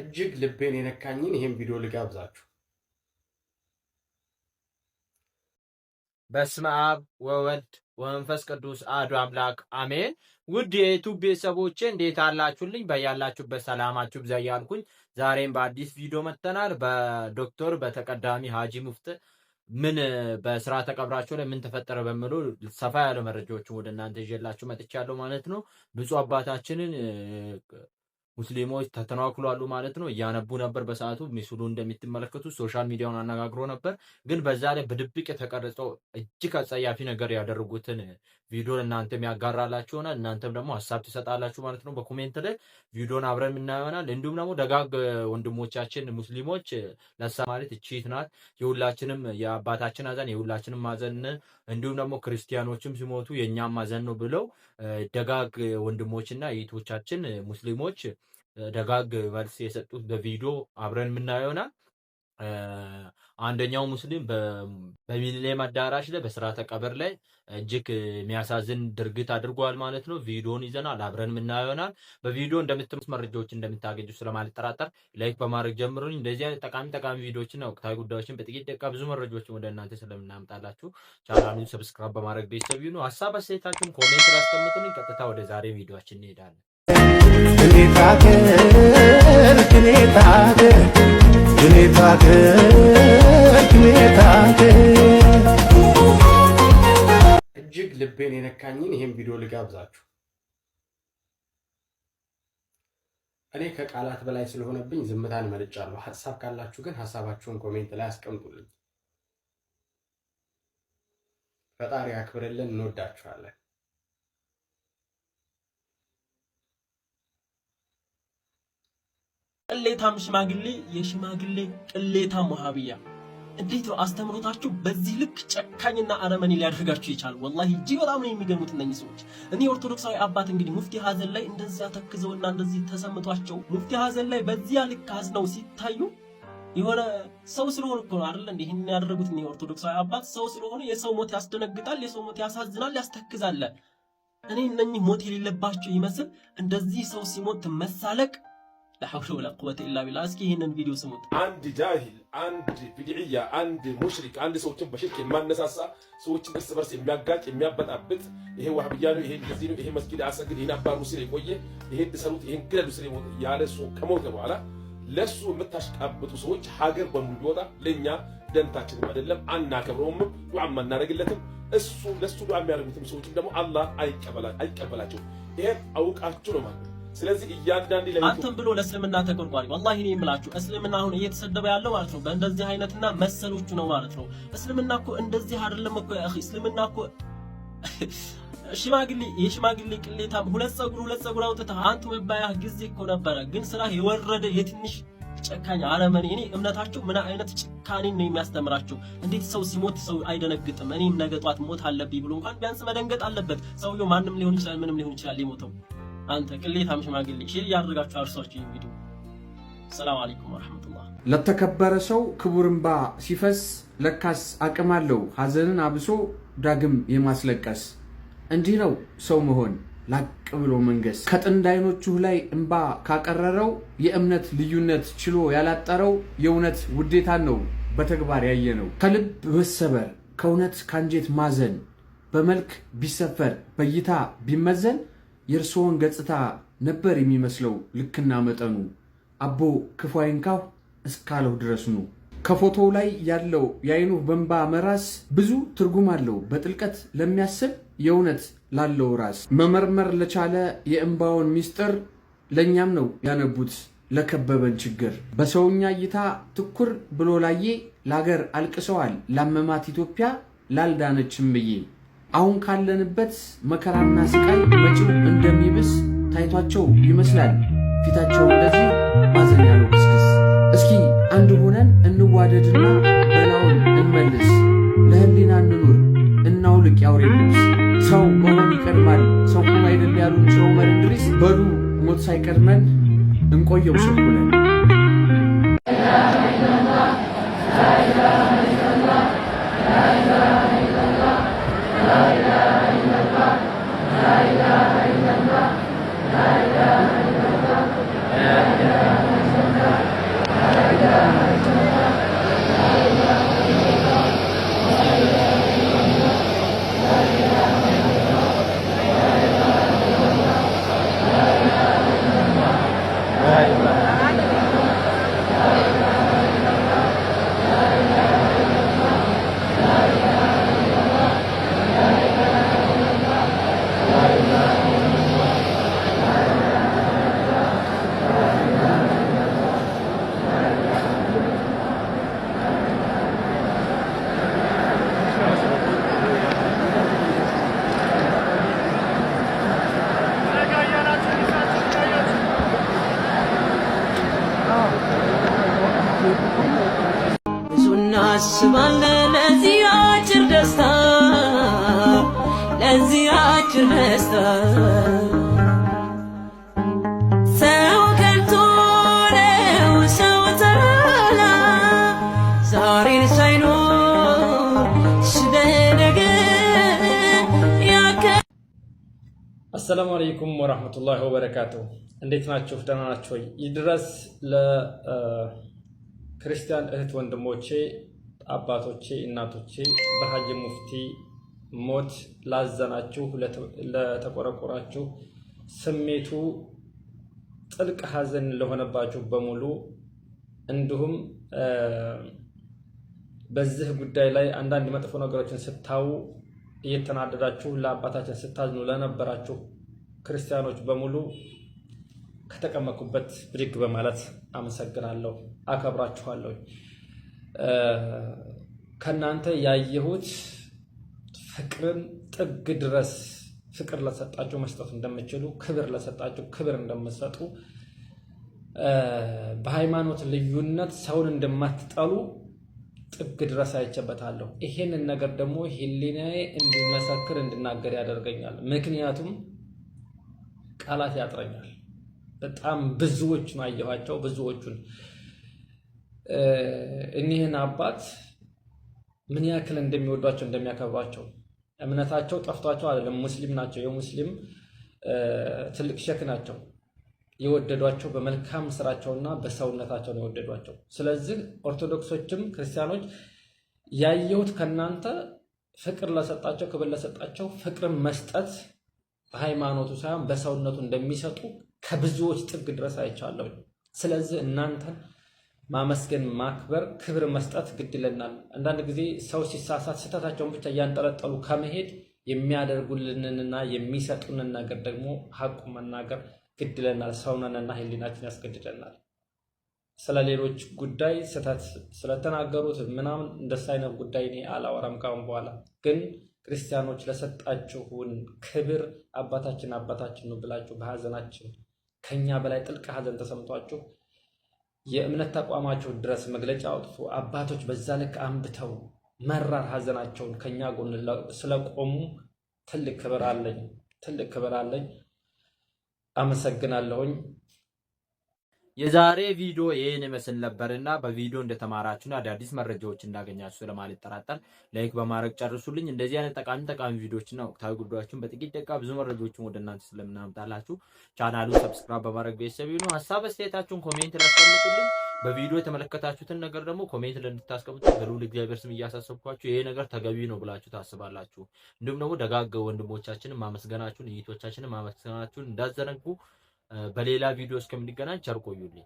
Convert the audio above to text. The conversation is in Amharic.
እጅግ ልቤን የነካኝን ይህም ቪዲዮ ልጋብዛችሁ። በስመ አብ ወወልድ ወመንፈስ ቅዱስ አሐዱ አምላክ አሜን። ውድ የዩቱብ ቤተሰቦቼ እንዴት አላችሁልኝ? በያላችሁበት ሰላማችሁ ብዛ እያልኩኝ ዛሬም በአዲስ ቪዲዮ መጥተናል። በዶክተር በተቀዳሚ ሀጂ ሙፍቲ ምን በስራ ተቀብራቸው ላይ ምን ተፈጠረ በሚሉ ሰፋ ያለ መረጃዎችን ወደ እናንተ ይዤላችሁ መጥቻለሁ ማለት ነው። ብፁዕ አባታችንን ሙስሊሞች ተተናክሏሉ ማለት ነው። እያነቡ ነበር በሰዓቱ ምስሉ እንደሚትመለከቱ ሶሻል ሚዲያውን አነጋግሮ ነበር። ግን በዛ ላይ በድብቅ የተቀረጸው እጅግ አጸያፊ ነገር ያደረጉትን ቪዲዮ እናንተም ያጋራላችሁ ይሆናል። እናንተም ደግሞ ሀሳብ ትሰጣላችሁ ማለት ነው በኮሜንት ላይ ቪዲዮን አብረን የምናየው እንዲሁም ደግሞ ደጋግ ወንድሞቻችን ሙስሊሞች ለሳ ማለት እቺት ናት የሁላችንም የአባታችን አዘን የሁላችንም ማዘን እንዲሁም ደግሞ ክርስቲያኖችም ሲሞቱ የእኛም ማዘን ነው ብለው ደጋግ ወንድሞችና የቶቻችን ሙስሊሞች ደጋግ መልስ የሰጡት በቪዲዮ አብረን የምናየው ይሆናል። አንደኛው ሙስሊም በሚሊኒየም አዳራሽ ላይ በስርዓተ ቀብር ላይ እጅግ የሚያሳዝን ድርጊት አድርጓል ማለት ነው። ቪዲዮን ይዘናል አብረን የምናየው ይሆናል። በቪዲዮ እንደምትመስ መረጃዎች እንደምታገኙ ስለማልጠራጠር ላይክ በማድረግ ጀምሩኝ። እንደዚህ አይነት ጠቃሚ ጠቃሚ ቪዲዮዎችና ወቅታዊ ጉዳዮችን በጥቂት ደቂቃ ብዙ መረጃዎችን ወደ እናንተ ስለምናምጣላችሁ ቻናሉን ሰብስክራይብ በማድረግ ቤተሰብ ይሁኑ። ሀሳብ አስተያየታችሁን ኮሜንት አስቀምጡልኝ። ቀጥታ ወደ ዛሬ ቪዲዮችን እንሄዳለን። እጅግ ልቤን የነካኝን ይህም ቪዲዮ ልጋብዛችሁ። እኔ ከቃላት በላይ ስለሆነብኝ ዝምታን መርጫለሁ። ሀሳብ ካላችሁ ግን ሀሳባችሁን ኮሜንት ላይ አስቀምጡልኝ። ፈጣሪ አክብርልን። እንወዳችኋለን። ቅሌታም ሽማግሌ የሽማግሌ ቅሌታም ወሃብያ እንዴት ነው አስተምሮታችሁ በዚህ ልክ ጨካኝና አረመኔ ሊያደርጋችሁ ይቻል? ወላሂ እጅግ በጣም ነው የሚገርሙት እነኚህ ሰዎች። እኔ ኦርቶዶክሳዊ አባት እንግዲህ ሙፍቲ ሀዘን ላይ እንደዚያ ተክዘውና እንደዚህ ተሰምቷቸው ሙፍቲ ሀዘን ላይ በዚያ ልክ አዝነው ሲታዩ የሆነ ሰው ስለሆኑ እኮ አይደለ አይደል? እንዲህ ያደረጉት እኔ ኦርቶዶክሳዊ አባት ሰው ስለሆኑ የሰው ሞት ያስደነግጣል፣ የሰው ሞት ያሳዝናል፣ ያስተክዛል። እኔ እነኚህ ሞት የሌለባቸው ይመስል እንደዚህ ሰው ሲሞት መሳለቅ ላሐውለ ወላ ቁወተ ኢላ ቢላ። እስኪ ይህንን ቪዲዮ ስሙት። አንድ ጃሂል፣ አንድ ቢድዕያ፣ አንድ ሙሽሪክ፣ አንድ ሰዎችን በሽርክ የማነሳሳ ሰዎችን እርስ በርስ የሚያጋጭ የሚያበጣብጥ ይሄ ዋህብያ ነው፣ ይሄ እንደዚህ ነው፣ ይሄ መስጊድ አሰግድ፣ ይሄን አባሩ ስል የቆየ ይሄን ሰሩት፣ ይሄን ግደሉ ስል ያለ ሰው ከሞተ በኋላ ለሱ የምታሽቃብጡ ሰዎች ሀገር በሙሉ ቢወጣ ለእኛ ደንታችንም አይደለም፣ አናከብረውም፣ ዱዓም አናደርግለትም። እሱ ለሱ ዱዓ የሚያደርጉትም ሰዎችም ደግሞ አላህ አይቀበላቸው። ይሄን አውቃችሁ ነው ማለት ስለዚህ እያንዳንድ አንተም ብሎ ለእስልምና ተቆርቋሪ ወላሂ እኔ የምላችሁ እስልምና አሁን እየተሰደበ ያለው ማለት ነው በእንደዚህ አይነትና መሰሎቹ ነው ማለት ነው። እስልምና እኮ እንደዚህ አይደለም እኮ ያኺ እስልምና እኮ ሽማግሌ የሽማግሌ ቅሌታም ሁለት ፀጉር ሁለት ፀጉር አውጥተህ አንተ መባያህ ጊዜ እኮ ነበረ። ግን ስራ የወረደ የትንሽ ጨካኝ አረመኔ። እኔ እምነታቸው ምን አይነት ጭካኔን ነው የሚያስተምራቸው? እንዴት ሰው ሲሞት ሰው አይደነግጥም? እኔም ነገ ጧት ሞት አለብኝ ብሎ እንኳን ቢያንስ መደንገጥ አለበት ሰውየው። ማንም ሊሆን ይችላል፣ ምንም ሊሆን ይችላል ሊሞተው አንተ ቅሌታም ሽማግሌ ሲል ያደርጋችሁ አርሷችሁ እንግዲህ ሰላም አለይኩም ወራህመቱላህ። ለተከበረ ሰው ክቡር እንባ ሲፈስ ለካስ አቅም አለው ሀዘንን አብሶ ዳግም የማስለቀስ። እንዲህ ነው ሰው መሆን ላቅ ብሎ መንገስ። ከጥንድ አይኖቹህ ላይ እንባ ካቀረረው የእምነት ልዩነት ችሎ ያላጠረው የእውነት ውዴታን ነው በተግባር ያየ ነው። ከልብ መሰበር ከእውነት ካንጀት ማዘን በመልክ ቢሰፈር በእይታ ቢመዘን የእርስዎን ገጽታ ነበር የሚመስለው ልክና መጠኑ። አቦ ክፉ አይንካሁ እስካለሁ ድረስ ኑ። ከፎቶው ላይ ያለው የአይኑ በንባ መራስ ብዙ ትርጉም አለው። በጥልቀት ለሚያስብ የእውነት ላለው ራስ መመርመር ለቻለ የእንባውን ምስጢር ለእኛም ነው ያነቡት ለከበበን ችግር በሰውኛ እይታ ትኩር ብሎ ላየ ለሀገር አልቅሰዋል ላመማት ኢትዮጵያ ላልዳነችም ብዬ አሁን ካለንበት መከራና ስቃይ መጪው እንደሚብስ ታይቷቸው ይመስላል ፊታቸው እንደዚህ ማዘን ያለው ክስክስ። እስኪ አንድ ሆነን እንዋደድና በላውን እንመልስ፣ ለህሊና እንኑር እናውልቅ ያውሬ ልብስ። ሰው መሆን ይቀድማል ሰው አይደል ያሉን ሸመን እንድሪስ በሉ ሞት ሳይቀድመን እንቆየው ሰኩለ እናስባለን ለዚህ አጭር ደስታ ለዚህ አጭር ደስታ ሰው ከንቱ ነው ሰው ተራላ ዛሬን ሳይኖር ስለነገ ያከ አሰላሙ አለይኩም ወራህመቱላሂ ወበረካቱ እንዴት ናችሁ? ደህና ናችሁ ወይ? ይድረስ ለክርስቲያን እህት ወንድሞቼ አባቶቼ እናቶቼ በሀጅ ሙፍቲ ሞት ላዘናችሁ፣ ለተቆረቆራችሁ፣ ስሜቱ ጥልቅ ሀዘን ለሆነባችሁ በሙሉ እንዲሁም በዚህ ጉዳይ ላይ አንዳንድ መጥፎ ነገሮችን ስታዩ እየተናደዳችሁ ለአባታችን ስታዝኑ ለነበራችሁ ክርስቲያኖች በሙሉ ከተቀመኩበት ብድግ በማለት አመሰግናለሁ፣ አከብራችኋለሁ። ከእናንተ ያየሁት ፍቅርን ጥግ ድረስ ፍቅር ለሰጣችሁ መስጠት እንደምችሉ፣ ክብር ለሰጣችሁ ክብር እንደምሰጡ በሃይማኖት ልዩነት ሰውን እንደማትጠሉ ጥግ ድረስ አይቼበታለሁ። ይሄንን ነገር ደግሞ ሕሊናዬ እንድመሰክር እንድናገር ያደርገኛል። ምክንያቱም ቃላት ያጥረኛል። በጣም ብዙዎቹን አየኋቸው ብዙዎቹን እኒህን አባት ምን ያክል እንደሚወዷቸው እንደሚያከብሯቸው እምነታቸው ጠፍቷቸው አይደለም። ሙስሊም ናቸው። የሙስሊም ትልቅ ሸክ ናቸው። የወደዷቸው በመልካም ስራቸውና በሰውነታቸው ነው የወደዷቸው። ስለዚህ ኦርቶዶክሶችም ክርስቲያኖች ያየሁት ከእናንተ ፍቅር ለሰጣቸው ክብር ለሰጣቸው ፍቅርን መስጠት በሃይማኖቱ ሳይሆን በሰውነቱ እንደሚሰጡ ከብዙዎች ጥግ ድረስ አይቻለሁ። ስለዚህ እናንተን ማመስገን፣ ማክበር፣ ክብር መስጠት ግድለናል። አንዳንድ ጊዜ ሰው ሲሳሳት ስህተታቸውን ብቻ እያንጠለጠሉ ከመሄድ የሚያደርጉልንንና የሚሰጡንን ነገር ደግሞ ሀቁ መናገር ግድለናል። ሰውነንና ህሊናችን ያስገድደናል። ስለ ሌሎች ጉዳይ ስህተት ስለተናገሩት ምናምን እንደስ አይነት ጉዳይ እኔ አላወራም ካሁን በኋላ ግን ክርስቲያኖች ለሰጣችሁን ክብር አባታችን አባታችን ነው ብላችሁ በሀዘናችን ከኛ በላይ ጥልቅ ሀዘን ተሰምቷችሁ የእምነት ተቋማቸው ድረስ መግለጫ አውጥቶ አባቶች በዛ ልክ አንብተው መራር ሀዘናቸውን ከኛ ጎን ስለቆሙ ትልቅ ክብር አለኝ፣ ትልቅ ክብር አለኝ። አመሰግናለሁኝ። የዛሬ ቪዲዮ ይህን ይመስል ነበርና በቪዲዮ እንደተማራችሁና አዳዲስ መረጃዎች እንዳገኛችሁ ስለማልጠራጠር ላይክ በማድረግ ጨርሱልኝ። እንደዚህ አይነት ጠቃሚ ጠቃሚ ቪዲዮዎችና ወቅታዊ ጉዳዮችን በጥቂት ደቂቃ ብዙ መረጃዎችን ወደ እናንተ ስለምናምጣላችሁ ቻናሉን ሰብስክራይብ በማድረግ ቤተሰብ ይሁኑ። ሀሳብ አስተያየታችሁን ኮሜንት ላስቀምጡልኝ። በቪዲዮ የተመለከታችሁትን ነገር ደግሞ ኮሜንት እንድታስቀምጡ በልዑል እግዚአብሔር ስም እያሳሰብኳችሁ፣ ይሄ ነገር ተገቢ ነው ብላችሁ ታስባላችሁ፣ እንዲሁም ደግሞ ደጋገ ወንድሞቻችንን ማመስገናችሁን እይቶቻችንን ማመስገናችሁን እንዳዘነጉ በሌላ ቪዲዮ እስከምንገናኝ ቸር ቆዩልኝ።